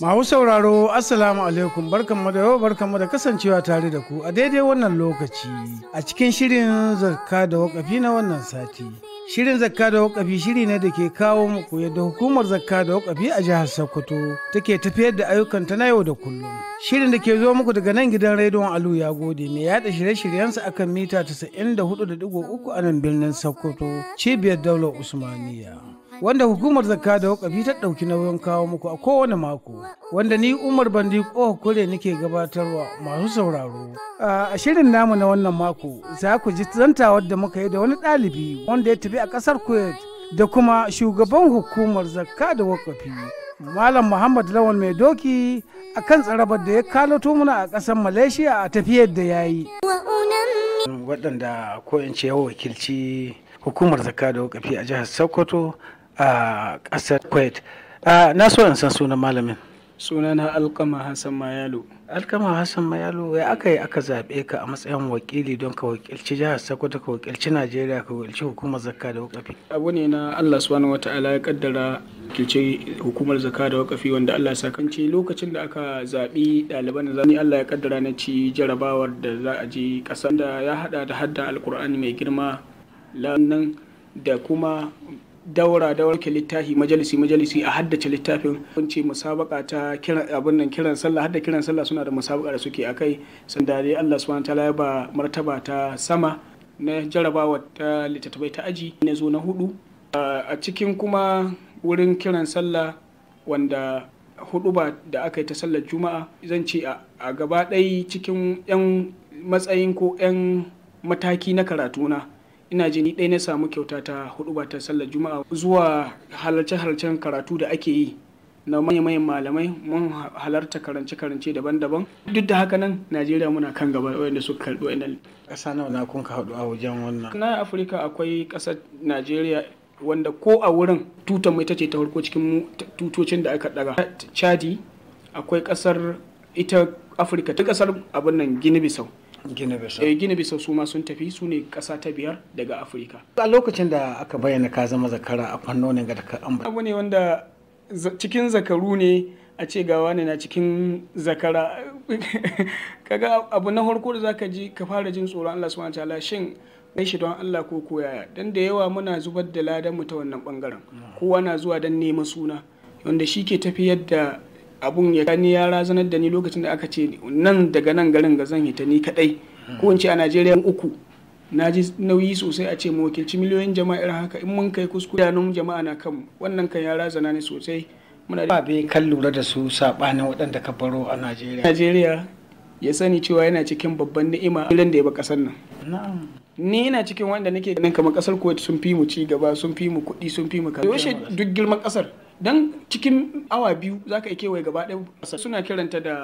Mahu sauraro Assalamu alaikum barkanmu da yau barkanmu da kasancewa tare da ku a daidai wannan lokaci a cikin shirin zakka da wakafi na wannan sati. Shirin zakka da wakafi shiri ne da ke kawo muku yadda hukumar zakka da wakafi a jihar Sokoto take tafiyar da ayyukanta na yau da kullum. Shirin da ke zo muku daga nan gidan rediyon Alu ya gode mai yada shirye-shiryensa akan mita 94.3 a nan birnin Sokoto cibiyar daular Usmaniya. wanda hukumar zakka da wakafi ta ɗauki nauyin kawo muku a kowane mako wanda ni umar bandi ko kure nake gabatarwa masu sauraro a shirin namu na wannan mako za ku ji zantawar da muka yi da wani ɗalibi wanda ya tafi a ƙasar kuwait da kuma shugaban hukumar zakka da wakafi malam muhammad lawan mai doki a kan tsarabar da ya kalo muna a ƙasar malaysia a tafiyar da ya yi waɗanda ko in ce wakilci hukumar zakka da wakafi a jihar sokoto a ƙasar kuwait na so an san sunan malamin sunana alkama hassan mayalo alkama hassan mayalo ya aka yi aka zaɓe ka a matsayin wakili don ka wakilci jihar sokoto ka wakilci najeriya ka wakilci hukumar zakka da wakafi abu ne na allah subhanahu wa ta'ala ya kaddara kilce hukumar zakka da wakafi wanda allah ya ce lokacin da aka zaɓi ɗaliban da zani allah ya kaddara na ci jarabawar da za a je ƙasa da ya haɗa da hadda alkur'ani mai girma lannan da kuma daura da warke littafi majalisi majalisi a haddace littafin kun ce musabaka ta kiran abin nan kiran sallah hadda kiran sallah suna da musabaka da suke akai da dai Allah subhanahu wataala ya ba martaba ta sama na jarabawa ta littattafai ta aji ne zo na hudu a cikin kuma wurin kiran sallah wanda hudu ba da aka yi ta sallar juma'a zan ce a gaba ɗai cikin 'yan matsayin ko 'yan mataki na karatuna ina ji ni ɗaya na samu kyauta ta hudu ba ta sallar juma'a zuwa halarce-halarcen karatu da ake yi na manya-manyan malamai mun halarta karance-karance daban-daban duk da haka nan najeriya muna kan gaba wanda suka karɓi wa'annan ƙasa nawa na kun haɗu a wajen wannan na afirka akwai ƙasar najeriya wanda ko a wurin tutan mai ta ta farko cikin tutocin da aka ɗaga chadi akwai ƙasar ita afirka ta ƙasar abin nan gini bisau Gini-Bissau eh, su ma sun tafi su ne ƙasa ta biyar daga Afirka. A lokacin da aka bayyana ka zama zakara a ne ga daga ambata. Abu ne wanda cikin zakaru ne a ce ga wani na cikin zakara kaga abu na farko da zaka ji ka fara jin tsoron Allah subhanahu ta'ala shin kai shi don Allah ko koyaya dan da yawa muna zubar da ladan mu ta wannan bangaren mm. kowa na zuwa dan neman suna wanda shi ke tafiyar da abun ya kani ya razanar da ni lokacin da aka ce nan daga nan garin ga zan hita ni kadai ko in a Najeriya uku na ji nauyi sosai a ce mu wakilci miliyoyin jama'a irin haka in mun kai kuskure nan jama'a na kanmu wannan kan ya razana ni sosai muna da babe kan lura da su sabanin waɗanda ka baro a Najeriya Najeriya ya sani cewa yana cikin babban ni'ima irin da ya ba kasar nan ni ina cikin wanda nake ganin kamar kasar Kuwait sun fi mu ci gaba sun fi mu kuɗi sun fi mu kaza duk girman kasar don cikin awa biyu za ka kewaye gaba ɗaya suna kiranta da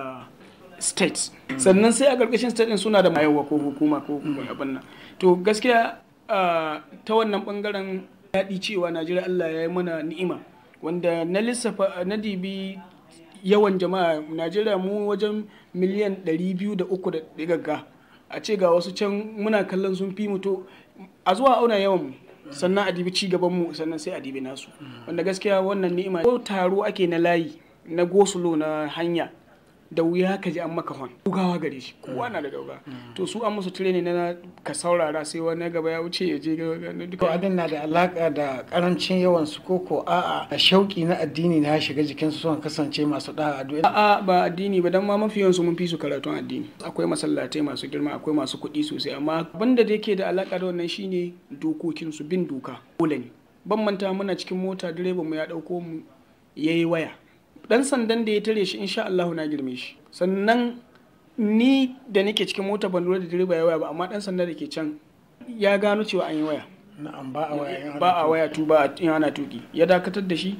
states sannan sai a ƙarƙashin states suna da mayawa ko hukuma ko abin nan to gaskiya ta wannan ɓangaren daɗi cewa najeriya allah ya yi mana ni'ima wanda na lissafa na dibi yawan jama'a najeriya mu wajen miliyan 203 da gagga a ce ga wasu can muna kallon sun fi mutu a zuwa auna yawan mu sannan a dibi ci gaban mu sannan sai a dibi nasu wanda gaskiya wannan ni'ima ko taro ake na layi na gosulo na hanya da wuya ka ji an maka hon dugawa gare shi kowa na da dauga mm. to su an musu tireni na ka saurara sai wani gaba ya wuce ya je duka abin na da alaka da karancin yawan su ko ko a'a a shauki na addini na shiga jikin su son kasance masu da'a a'a ba addini ba dan ma mafi yawan su mun fi su karatun addini akwai masallatai masu girma akwai masu kuɗi sosai amma banda da yake da alaka da wannan shine dokokin su bin doka dole ne ban manta muna cikin mota direban mu ya dauko mu yayi waya dan sandan da ya tare shi insha Allah na girme shi sannan ni da nake cikin mota ban lura da direba ya waya ba amma dan sanda da ke can ya gano cewa an yi waya na'am ba a waya ba a waya tu ba in ana tuki ya dakatar da shi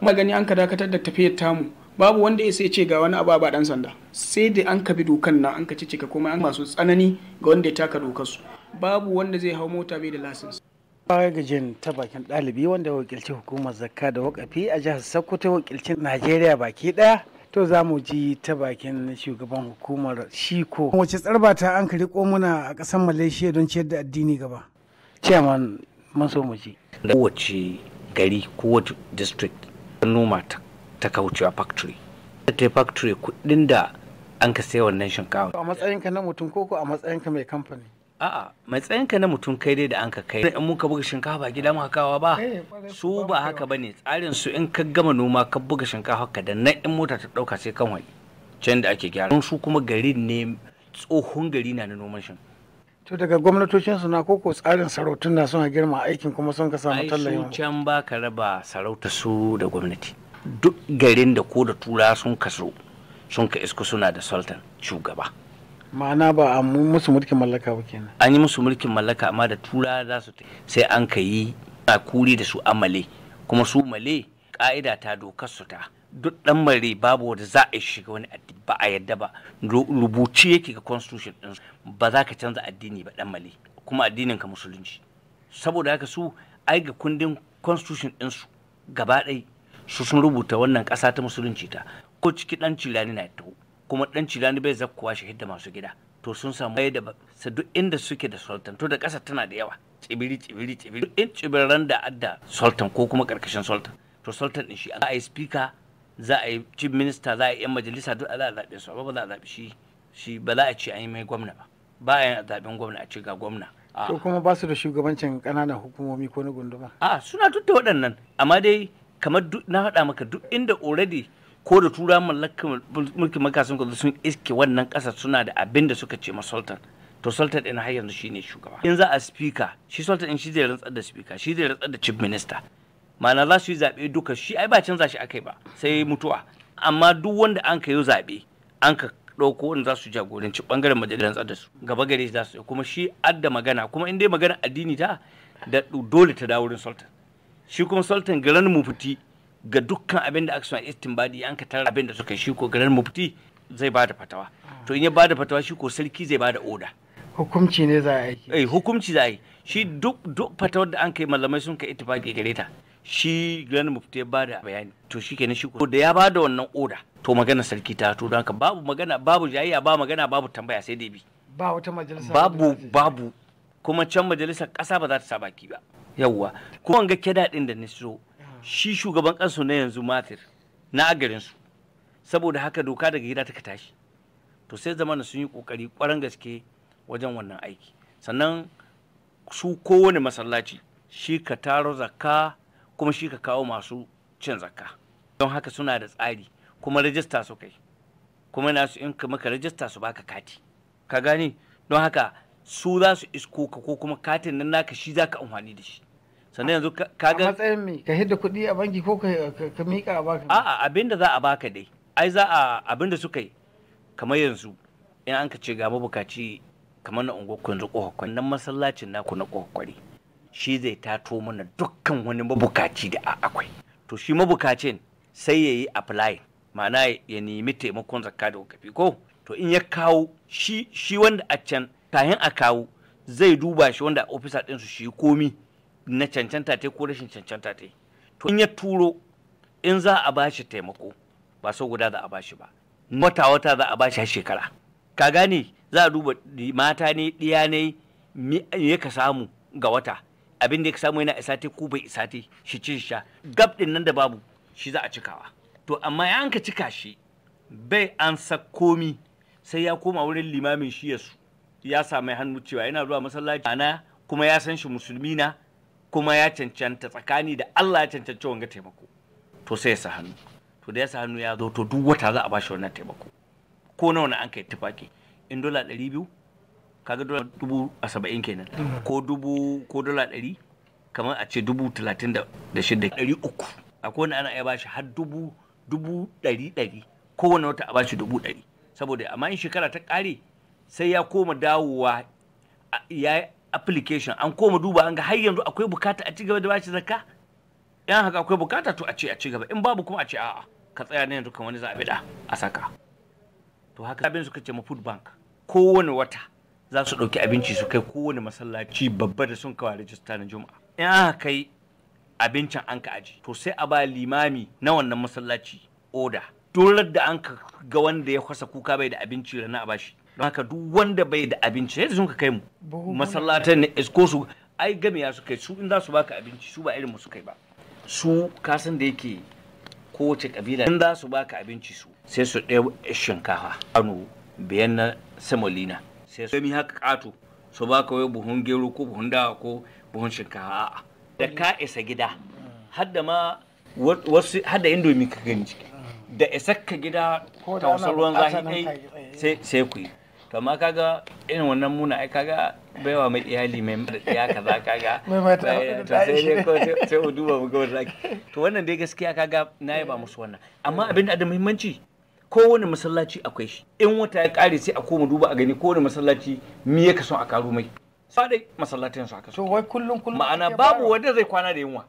magani an ka dakatar da tafiyar tamu babu wanda ya sai ce ga wani abu ba dan sanda sai da an ka bi dokan na, an ka ka komai an masu tsanani ga wanda ya taka dokar su babu wanda zai hau mota bai da lasinsa Gajin ta bakin ɗalibi wanda ya wakilci hukumar zakka da wakafi a jihar Sokoto wakilcin Najeriya baki ɗaya to za mu ji ta bakin shugaban hukumar shiko wace ta an kari muna a ƙasar malaysia don ciyar da addini gaba chairman mun so mu ji kowace gari kowace district noma ta kaucewa factory ta factory kudin da an ka sai wannan shinkawa a matsayinka na mutum koko a matsayinka mai kamfani a'a matsayinka na mutum kai dai da an ka kai in muka buga shinkafa gida muka kawa ba eh, su ba haka bane tsarin su in ka gama noma ka buga shinkafa ka da nan in mota ta dauka sai kan wani can da ake gyara su kuma garin ne tsohon gari na na noman shin to daga gwamnatocin su na koko tsarin sarautun na suna girma aikin kuma sun ka samu tallafi can ba ka raba sarauta su da gwamnati duk garin da ko da tura sun kaso sun ka isku suna da sultan shugaba ma'ana ba a musu mulkin mallaka ba kenan an yi musu mulkin mallaka amma da tura za su sai an ka yi a kuri da su amale kuma su male ka'ida ta dokar su ta duk dan mare babu wanda za a shiga wani addini ba a yadda ba rubuci yake ga constitution din ba za ka canza addini ba dan male kuma addinin ka musulunci saboda haka su ai ga kundin constitution din su gaba ɗaya su sun rubuta wannan ƙasa ta musulunci ta ko ciki dan cilani na taho kuma dan cilani bai zakkuwa shi hidda masu gida to sun samu da sa duk inda suke da sultan to da ƙasa tana da yawa tsibiri tsibiri tsibiri in tsibiran da adda sultan ko kuma karkashin sultan to sultan din shi za a yi speaker za a yi chief minister za a yi yan majalisa duk a za a zaɓe su ba za a zaɓi shi shi ba za a ce an yi mai gwamna ba ba a yi zaɓen gwamna a ce ga gwamna to kuma ba su da shugabancin ƙananan hukumomi ko na gunduma a suna tutta waɗannan amma dai kamar na faɗa maka duk inda already ko da tura mulkin maka sun sun iske wannan kasar suna da abin da suka ce ma sultan to sultan din har yanzu shine shugaba in za a speaker shi sultan din shi zai rantsar da speaker shi zai rantsar da chief minister ma'ana za su yi zaɓe duka shi ai ba canza shi akai ba sai mutuwa amma duk wanda an ka yi zaɓe an ka ɗauko wanda za su jagoranci ɓangaren majalisar da su gaba gare shi za su kuma shi adda magana kuma in dai magana addini ta da dole ta dawo wurin sultan shi kuma sultan garan mufti ga dukkan abin da aka suna istinbadi an ka tarar abin da suka shi ko garin mufti zai ba da fatawa to in ya ba da fatawa shi ko sarki zai ba da oda hukumci ne za a yi eh hukumci za a yi shi duk duk fatawar da an kai malamai sun kai ittifaqi gare ta shi garin mufti ya ba da bayani to shi kenan shi ko da ya ba da wannan oda to magana sarki ta to don babu magana babu jayayya ba magana babu tambaya sai dai bi ba wata majalisa babu babu kuma can majalisar ƙasa ba za ta sa baki ba yawwa ko an ga keda da ni so shi shugaban kansu na yanzu matir na agarinsu saboda haka doka daga gida ta tashi to sai zamana sun yi kokari kwaran gaske wajen wannan aiki sannan su kowane masallaci shi ka taro zakka kuma shi ka kawo masu cin zakka don haka suna da tsari kuma rajista su kai kuma na su in ka maka rajista su baka kati ka gane don haka su za su isko ka ko kuma katin nan naka shi zaka ka amfani da shi sannan yanzu ka ga matsayin me ka hidda kuɗi a banki ko ka mika a baka a'a abinda za a baka dai ai za a da suka yi kamar yanzu in an ka ce ga mabukaci kamar na unguwarku yanzu kohokon nan masallacin naku na kohokwari shi zai tato mana dukkan wani mabukaci da akwai to shi mabukacin sai ya yi apply ma'ana ya nemi taimakon zakka da wakafi ko to in ya kawo shi shi wanda a can kayan a kawo zai duba shi wanda ofisa ɗinsu shi komi na cancanta ta ko rashin cancanta ta to in ya turo in za a bashi taimako ba sau guda za a bashi ba wata wata za a bashi shekara ka gane za a duba mata ne ɗiya ne ya ka samu ga wata abin da ya samu yana isa ta ko bai isa ta shi ci sha gab din nan da babu shi za a cikawa to amma ya an ka cika shi bai an sa komi sai ya koma wurin limamin shi ya su ya sami hannu cewa yana zuwa masallaci ana kuma ya san shi musulmi na kuma ya cancanta tsakani da Allah ya cancanci wanga taimako to sai ya sa hannu to da ya sa hannu ya zo to duk wata za a bashi wannan taimako ko nawa na an kai tufaki in dola ɗari biyu kaga dola dubu a saba'in kenan ko dubu ko dola ɗari kamar a ce dubu talatin da shida ɗari uku akwai wani ana iya bashi har dubu dubu ɗari ɗari kowane wata a bashi dubu ɗari saboda amma in shekara ta ƙare sai ya koma dawowa ya application an koma duba an ga har yanzu akwai bukata a cigaba da bashi zakka yan haka akwai bukata to a ce a cigaba in babu kuma a ce a'a ka tsaya ne yanzu kan wani zaɓe da a saka to haka abin suka ce ma food bank kowane wata za su ɗauki abinci su kai kowane masallaci babba da sun kawo rajista na juma'a in aka kai abincin an ka aji to sai a ba limami na wannan masallaci oda duk da an ga wanda ya kwasa kuka bai da abinci rana a bashi don haka duk wanda bai da abinci yadda sun ka kai mu masallatan ne ko su ai game ya su kai su in za su baka abinci su ba irin musu kai ba su kasan da yake kowace kabila in za su baka abinci su sai su ɗaya shinkafa ano biyan na samolina sai su yi haka kato su baka wai buhun gero ko buhun dawa ko buhun shinkafa a'a da ka isa gida hadda ma wasu hadda indomi ka gani ciki da isa ka gida ta wasu ruwan zahi eh. sai ku yi kama kaga irin wannan muna ai kaga baiwa mai iyali mai mata ya kaza kaga mai mata eh, to sai ne ko sai u duba mu gaba zaki to wannan dai gaskiya kaga na yaba musu wannan amma abin da da muhimmanci kowane masallaci akwai shi in wata ya kare sai a koma duba a gani kowane masallaci me ya kaso a karo mai sadai masallatin su aka so wai kullum kullum ma'ana babu wanda zai kwana da yunwa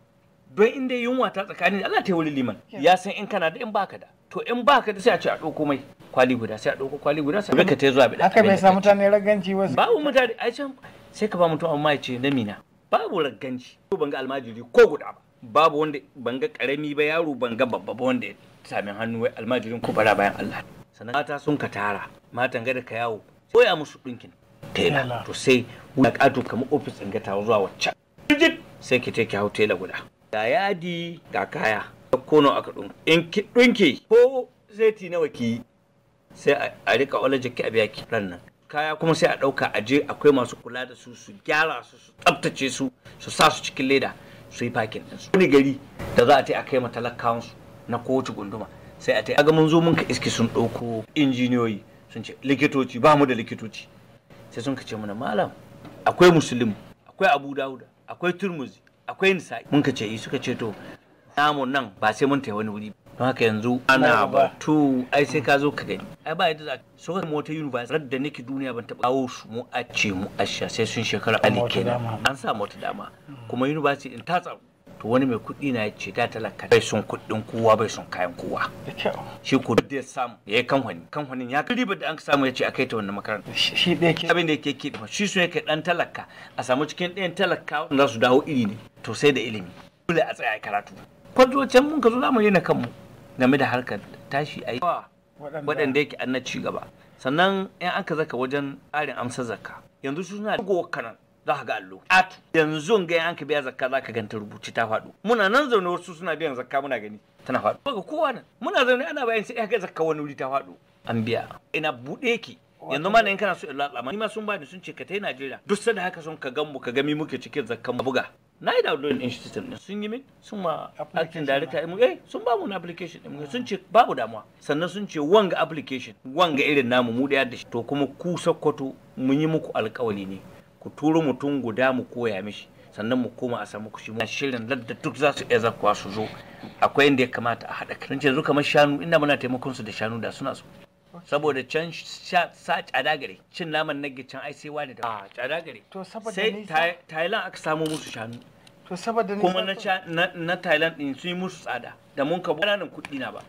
don in dai yunwa ta tsakanin Allah ta yi wani liman ya san in kana da in baka da to in baka da sai a ce a ɗauko mai kwali guda sai a ɗauko kwali guda sai a ka ta zuwa bidan. haka bai sa mutane raganci wasu babu mutane ai can sai ka ba mutum amma ya ce na mina babu raganci ko ban ga almajiri ko guda ba babu wanda ban ga karami ba yaro ban ga babba ba wanda ya sami hannu wai almajirin ko bara bayan Allah sannan mata sun ka tara matan gada da ka yawo koya musu ɗinkin tela to sai wuya ƙato kamar ofis ɗin gata zuwa wacce sai ki take hau tela guda ga yadi ga kaya kono aka ɗin in ki ɗinki ko zai nawa ki sai a rika wala jiki a biya kiran nan kaya kuma sai a ɗauka a je akwai masu kula da su su gyara su su tsabtace su su sa su cikin leda su yi fakin din su wani gari da za a ta a kai talakawan su na kowace gunduma sai a ta ga mun zo mun ka iske sun ɗauko injiniyoyi sun ce likitoci ba mu da likitoci sai sun ka ce mana malam akwai musulmi akwai abu dauda akwai turmuzi akwai nisa'i mun ka ce yi eh, suka ce to namu nan ba sai mun ta wani wuri don haka yanzu ana to ai sai ka zo ka gani ai ba yadda za so ka mota universe rad da nake duniya ban taba kawo su mu a ce mu a sha sai sun shekara ali kenan an sa mota dama hmm. kuma university din ta tsaro to wani mai kuɗi na ce ta talaka bai sun kuɗin kowa bai sun kayan kowa shi ku da samu ya yi kanwani kanwanin ya riba da an samu ya ce a kai ta wannan makaranta shi ɗaya ke abin da yake ke shi su yake ɗan talaka a samu cikin ɗayan talaka za su dawo iri ne to sai da ilimi dole a tsaya karatu kwanzo can mun ka zo zamu yi na kanmu game da harkar tashi a yi. waɗanda yake an na ci gaba sannan 'yan aka zaka wajen tsarin amsa zakka yanzu suna da kanan za ka ga allo at yanzu ga an ka biya zakka za ka ganta rubuci ta faɗo muna nan zaune wasu suna biyan zakka muna gani tana faɗo baka kowa nan muna zaune ana bayan sai ga zakka wani wuri ta faɗo an biya ina buɗe ki yanzu ma in kana so in lalama ni ma sun bani sun ce ka tai Najeriya duk sanda haka sun ka gan mu ka gami muke cikin zakkan buga na yi download din system din sun yi min sun ma acting director eh sun ba mu application din sun ce babu damuwa sannan sun ce wanga application wanga irin namu mu da yadda shi to kuma ku sakkwato mun yi muku alkawali ne ku turo mutum guda mu koya mishi sannan mu koma a samu kushi shirin ladda duk za su iya zakwa su zo akwai inda ya kamata a haɗa kan yanzu kamar shanu inda muna taimakon su da shanu da suna so saboda can sa tsada gare cin naman nage can ai sai wani da a ah, tsada gare to saboda sai Thailand aka samu musu shanu to saboda kuma na na Thailand din sun yi musu tsada da mun ka nan kuɗi na ba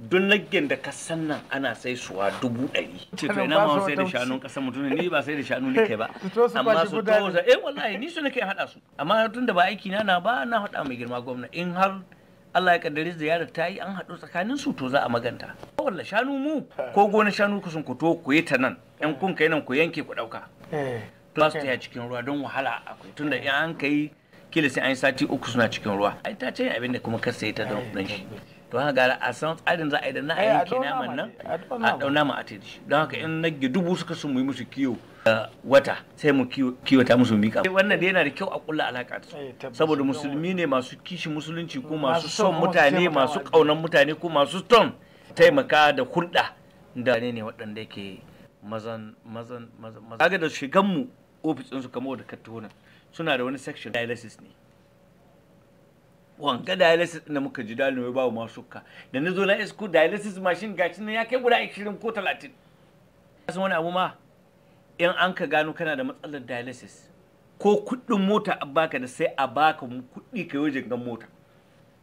don naggen da ka san nan ana sai suwa dubu ɗari. Ce to ina ma sai da shanu kasan mutum ni ba sai da shanu nake ba. Amma su to eh wallahi ni su nake haɗa su. Amma tun da ba aiki na na ba na haɗa mai girma gwamna in har Allah ya kaddare ziyara ta yi an haɗu tsakanin su to za a maganta. Walla shanu mu ko gona shanu ku sun kuto ku yi ta nan yan kun kai nan ku yanke ku ɗauka. To eh. su taya cikin ruwa don wahala akwai tunda in an kai kila sai an yi sati uku suna cikin ruwa. Ai ta ce abin da kuma ka sai ta don kuɗin shi. To haka gara a san tsarin za a yi da na eh, a yanke naman nan a ɗau naman a tedi. Don haka in nage dubu suka sun mu yi musu kiyo. wata sai mu kiwata musu mika wannan da yana da kyau a kulla alaka eh, saboda musulmi ne masu kishi musulunci ko masu son mutane masu kaunan mutane ko masu ton taimaka da hulɗa da ne ne waɗanda ke mazan mazan mazan kaga da shigan mu ofis ɗinsu kamar da kattona suna da wani section dialysis ne wanga dialysis da muka ji dalin wai babu masu ka da na zo na isko dialysis machine gashi na ya kai guda 20 ko 30 wani abu ma in an ka gano kana da matsalar dialysis ko kuɗin mota a baka da sai a baka kuɗi ka yi gan mota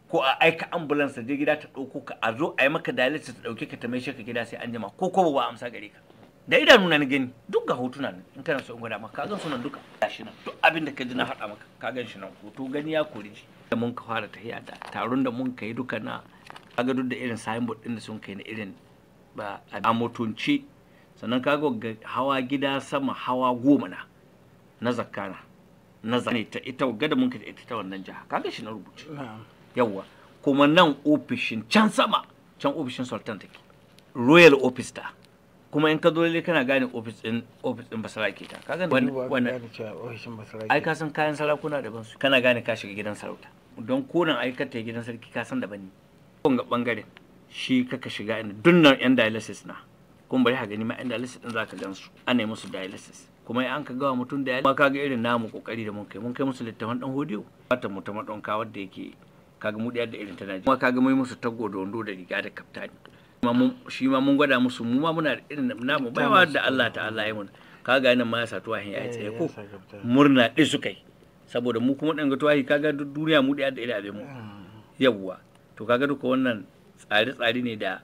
ko a aika ambulance je gida ta ɗauko ka a zo a yi maka dialysis ta ɗauke ka ta mai ka gida sai an jima ko ko ba amsa gare ka da idanu na gani duk ga hotuna ne in kana so in gwada maka ka gan sunan duka gashi nan duk abin da ka ji na haɗa maka ka gan shi nan hoto gani ya kore shi da mun ka fara ta da taron da mun kai duka na kaga duk da irin signboard din da sun kai na irin ba a motonci sannan kaga hawa gida sama hawa goma na na zakana na zane ta ita gada mun ka ita ta wannan jiha kaga shi na rubuce yawa kuma nan ofishin can sama can ofishin sultan take royal office ta kuma in ka zo lalle kana gane office din office din basarake ta kaga wannan ofishin basarake ai ka san kayan sarakuna daban su kana gane ka shiga gidan sarauta don konan aikata gidan sarki ka san daban ne ga bangare shi kaka shiga inda dunnan yan dialysis na kuma bari ka gani ma inda dialysis din zaka gan su ana yi musu dialysis kuma an ka gawa mutum da ma kaga irin namu kokari da mun kai mun kai musu littafin dan hodiyo fatan mu ta madon kawar da yake kaga mu da irin ta naji kuma kaga mai musu tago da wando da riga da kaftani shi ma mun gwada musu mu ma muna irin namu baiwa da Allah ta'ala ya mun kaga nan ma ya sa tuwahin ya tsaye ko eh, murna din su kai saboda mu kuma ɗan ga tuwahi kaga duniya mu da irin abin mu mm. yawwa to kaga duka wannan tsare-tsare ne da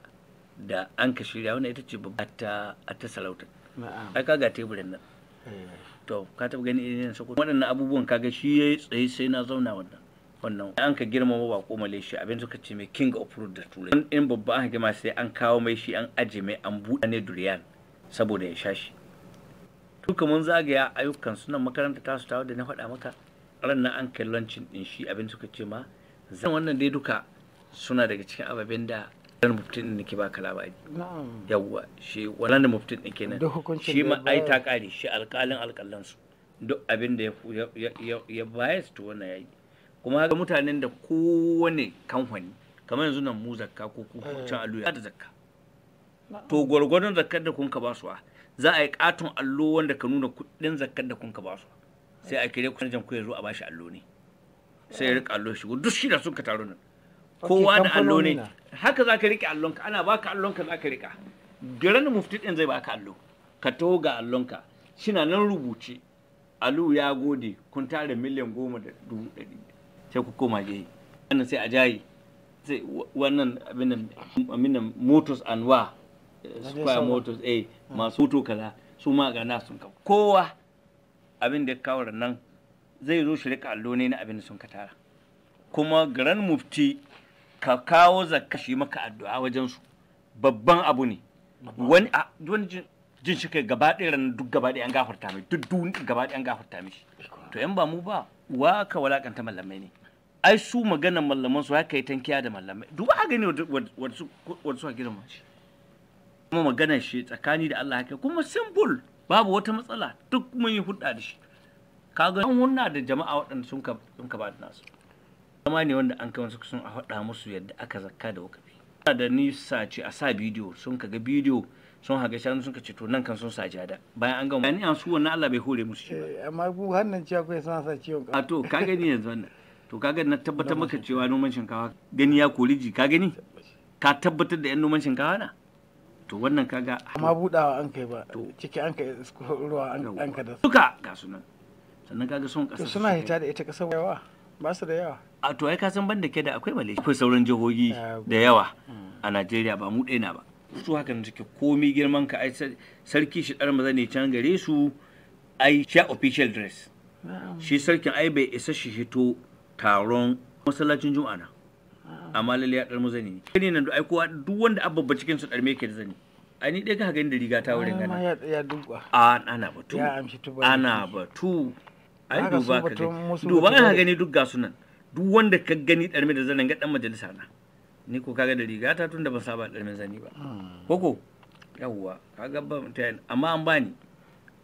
da an ka shirya Wani ita ce babba ta salautar ai kaga teburin nan eh. to ka taɓa gani irin sako waɗannan abubuwan kaga shi ya yi tsaye sai na zauna wannan wannan an ka girmama male malaysia abin suka ce mai king of fruit da turai in babba an gima sai an kawo mai shi an aje mai an buɗe ne durian saboda ya sha shi duka mun zagaya ayyukan sunan makaranta ta su tawo da na faɗa maka ran nan an kai lancin ɗin shi abin suka ce ma zan wannan dai duka suna daga cikin ababen da wannan muftin din ke baka labari yawwa shi wannan muftin din kenan shi ma ai ta kare shi alƙalin alƙallan su duk abin da ya bias to wannan yayi kuma ga mutanen da kowane kamfani kamar yanzu nan mu zakka ko kuma eh. can allo da zakka to gwargwadon zakkar da kun ka ba su za a yi katon allo wanda ka nuna kuɗin zakkar da kun ka ba su sai a kire ku jan ku ya zo a bashi allo ne sai ya rika allo shigo duk shi da sun ka taro nan kowa da allo ne haka za ka rike allonka ana ba ka allonka za ka riƙa giran mufti ɗin zai ba ka allo ka taho ga allonka shina nan rubuce allo ya gode kun tare miliyan goma da dubu ɗari sai ku koma jayi wannan sai a jayi sai wannan abinan motors and anwa eh, square motors eh hmm. masu hoto kaza su ma ga na sun kawo kowa abin da ya kawo nan zai zo shi rika allo ne na abin da sun ka tara kuma garan mufti ka kawo zakka shi maka addu'a wajen su babban abu ne wani wani jin shi kai gaba ɗaya ran duk gaba ɗaya an gafarta mai duk duk gaba ɗaya an gafarta mishi to yan ba mu ba wa ka walakanta mallamai ne ai su magana mallaman su haka yi tankiya da mallamai duba haka gani wadda su haka girma shi kuma magana shi tsakani da Allah haka kuma simple babu wata matsala duk mun yi hudda da shi kaga an hunna da jama'a waɗanda sun ka ba da nasu zama ne wanda an kai wasu sun a faɗa musu yadda aka zakka da wakafi da nisa ce a sa bidiyo sun kaga bidiyo sun haga shanu sun ce to nan kan sun sa jada bayan an gama yani an su wannan Allah bai hore musu shi ba eh, amma ku hannan cewa kai sun sa ciwon a to ka gani yanzu wannan to ka gani na tabbatar maka cewa noman shinkafa gani ya koliji ka gani ka tabbatar da yan noman shinkafa na to wannan kaga amma budawa an kai ba ciki an kai ruwa an ka da suka ga sunan sannan kaga sun kasa suna hita da ita kasar yawa ba su da yawa a to ai ka san banda ke da akwai malaysia akwai sauran jihohi ah, da yawa mm. a najeriya ba mu na ba su hakan suke komi girman ka ai sarki shi dar maza ne can gare su ai sha official dress shi sarkin ai bai isa shi hito taron masallacin juma'a na ah. amma lalle ya dar maza ne ne nan ai kowa duk wanda ababba cikin su dar me ke da zani a ni ɗaya ka gani da riga ta wurin gana ah, ya duba a ana batu ana batu ai duba ka gani duba ka gani duk gasunan. duk wanda ka gani ɗarme da zanen ga ɗan majalisa na ni ko kaga da riga ta tunda ban saba ɗarme zani ba koko hmm. yawwa kaga ba amma an bani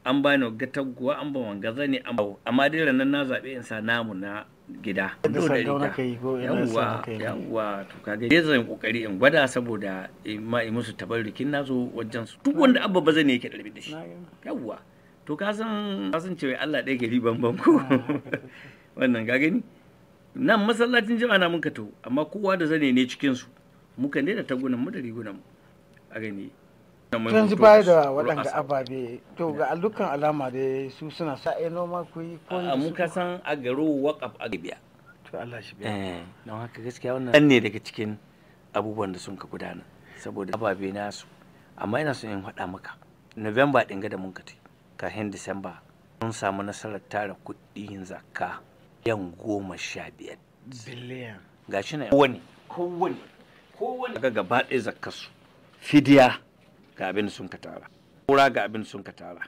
an bani ga taguwa an ba wanga zani amma dai ranan na zabe in sa namu na gida yawwa yawwa to kaga dai zan kokari in gwada saboda ma yi musu tabarrukin nazo wajen su duk wanda abba ba zani yake ɗarme da shi yawwa to ka san cewa Allah ɗaya ke riban banko ah. wannan ka gani nan masallacin jama'a na mun taho amma kowa da zane ne cikin su muka ne da tagunan mu da rigunan mu a gani sun ji baya da waɗanda ababe to ga dukkan alama da su suna sa a noma ku yi ko a muka san a garo waƙaf a gabiya to Allah shi biya eh, don haka gaskiya wannan ne daga cikin abubuwan da sun ka gudana saboda ababe su amma ina son in faɗa maka November ɗin ga da mun ka kafin December sun samu nasarar tara kuɗin zakka yan goma sha biyar biliyan shi na Kowani. Kowani. Kowani. ga gaba ɗaya zakkarsu fidiya ga abin sun ka tara kura ga abin sun ka tara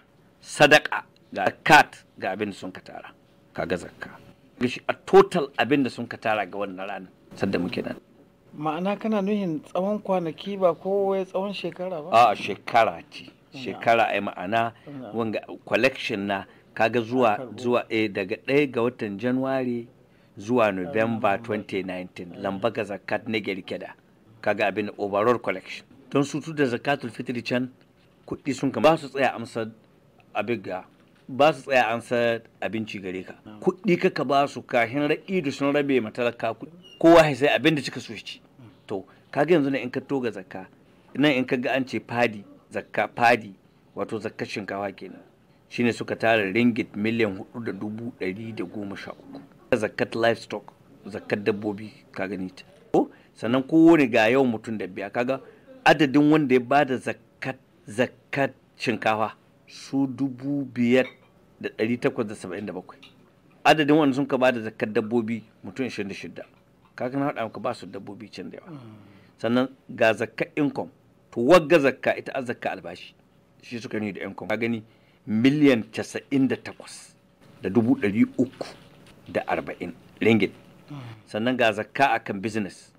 sadaka ga kat ga abin sun ka tara kaga zakka gashi a total abin da sun ka tara ga wannan rana. sadda muke nan ma'ana kana nuhin tsawon kwanaki ba ko tsawon shekara ba a shekara ce shekara ai ma'ana wanga collection na kaga zuwa zuwa eh daga ɗaya ga watan Januari zuwa november 2019 ah. lamba ga zakat na gyarkeda kaga abin overall collection don su da zakatul fitri can kuɗi sun kama ba su tsaya amsa abin ba su tsaya amsa abinci gare ka ah. kuɗi kaka ba su kahin ra'i da sun rabe matalaka kowa sai abin da cika so shi, ah. to kaga yanzu na in ka toga zakka nan in ka ga an ce fadi zakka fadi wato zakka shinkafa kenan shine suka tara ringgit miliyan 4,113 zakat livestock zakat dabbobi ka gani ta sannan kowane ga yawan mutum da biya kaga adadin wanda ya bada zakat zakat shinkafa su dubu biyar da ɗari takwas da saba'in da bakwai adadin wanda sun ka bada zakat dabbobi mutum ishirin da shidda kaga na haɗa maka ba su dabbobi can da yawa sannan ga zakat income to wagga zakka ita a zakka albashi shi suka ni da income ka gani miliyan 98 da dubu ɗari uku da arba'in ringin sannan ga zakka kan business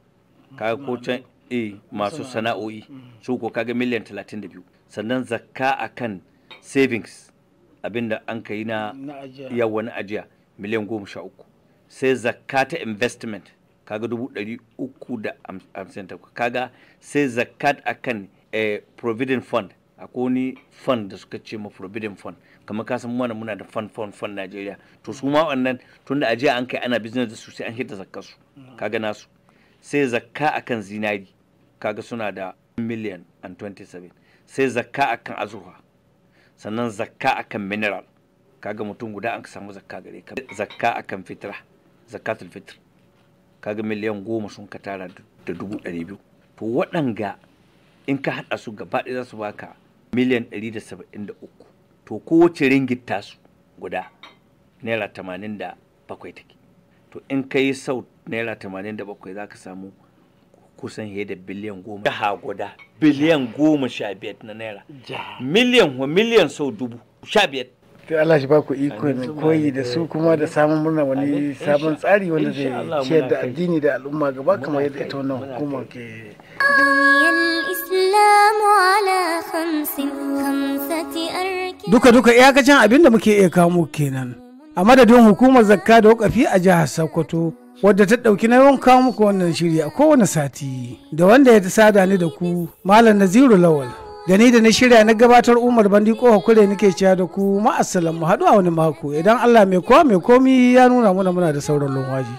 kaga ko can e masu eh, sana'o'i mm. su ko kaga miliyan 32 sannan zakka kan savings abinda an ka yi na yawa na ajiya miliyan 13 sai zakka ta investment kaga 350 kaga sai zakka kan eh, provident fund akwai wani fan da suka ce ma forbidden fund kamar ka san mana muna da fan fan fan Najeriya to su ma wannan tunda a an kai ana business da su sai an hita zakka su kaga nasu sai zakka akan zinari kaga suna da million and 27 sai zakka akan azurfa sannan zakka akan mineral kaga mutum guda an samu zakka gare ka zakka akan fitra zakatul fitr kaga miliyan goma sun ka tara da dubu ɗari biyu to waɗanga in ka haɗa su gaba ɗaya za su baka miliyan 173 to kowace ringit tasu guda naira 87 take to in ka yi sau naira 87 za ka samu kusan da biliyan goma jaha guda biliyan goma sha biyar na naira miliyan wa miliyan sau dubu sha biyar to Allah shi ba ku ikon koyi da su kuma da samun murna wani sabon tsari wanda zai ciyar da addini da al'umma gaba kamar yadda ita wannan hukuma ke duka duka iyakacin abin abinda muke iya kamo kenan a madadin hukumar zakka da wakafi a jihar sokoto wadda ta ɗauki nauyin kawo muku wannan shiri a kowane sati da wanda ya ta sada ni da ku malam naziru lawal da da na shirya na gabatar umar bandi ko kure nake ciya da ku ma mu haɗu a wani mako idan allah mai kowa mai komi ya nuna muna muna da sauran lumwaji.